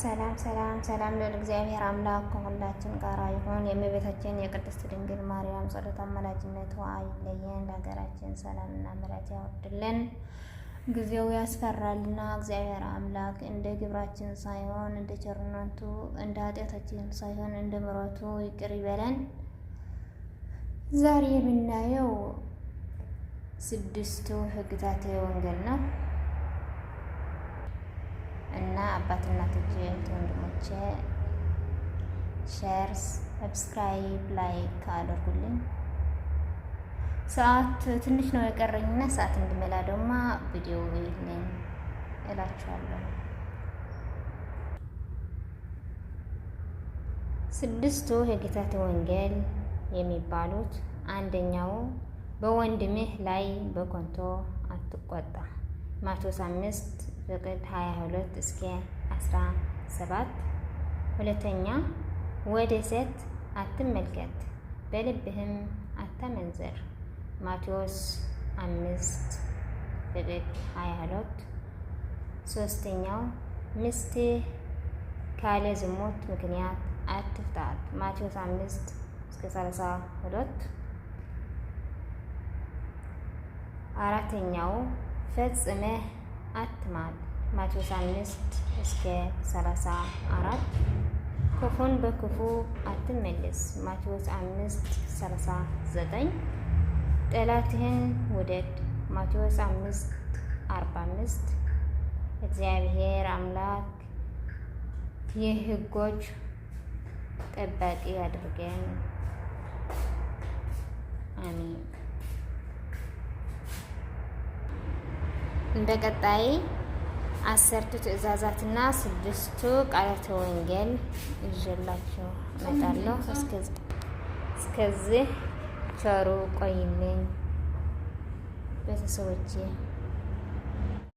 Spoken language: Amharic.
ሰላም ሰላም ሰላም ልዑል እግዚአብሔር አምላክ ከሁላችን ጋር ይሁን። የእመቤታችን የቅድስት ድንግል ማርያም ጸሎት አማላጅነቷ አይለየን። ለሀገራችን ሰላምና ምሕረት ያወርድልን። ጊዜው ያስፈራልና እግዚአብሔር አምላክ እንደ ግብራችን ሳይሆን እንደ ቸርነቱ፣ እንደ ኃጢአታችን ሳይሆን እንደ ምሕረቱ ይቅር ይበለን። ዛሬ የምናየው ስድስቱ ሕግጋተ ወንጌል ነው። አባት እናቶች፣ ወንድሞቼ ሼር፣ ሰብስክራይብ፣ ላይክ አድርጉልኝ። ሰዓት ትንሽ ነው የቀረኝና ሰዓት እንድመላ ደግሞ ቪዲዮ ይልኝ እላችኋለሁ። ስድስቱ የጌታት ወንጌል የሚባሉት አንደኛው በወንድምህ ላይ በኮንቶ አትቆጣ ማቴዎስ አምስት በቅድ 22 እስከ 17። ሁለተኛ ወደ ሴት አትመልከት በልብህም አታመንዘር። ማቴዎስ አምስት በቅድ 22። ሶስተኛው ሚስትህ ካለ ዝሙት ምክንያት አትፍታት። ማቴዎስ 5 እስከ 32። አራተኛው ፈጽመህ አትማል ማቴዎስ አምስት እስከ ሰላሳ አራት ክፉን በክፉ አትመልስ ማቴዎስ አምስት ሰላሳ ዘጠኝ ጠላትህን ውደድ ማቴዎስ አምስት አርባ አምስት እግዚአብሔር አምላክ የሕጎች ጠባቂ አድርገን እንደ ቀጣይ አሰርቱ ትእዛዛትና ስድስቱ ቃላተ ወንጌል ይዤላችሁ እመጣለሁ። እስከዚህ ቸሩ ቆይልኝ ቤተሰቦቼ።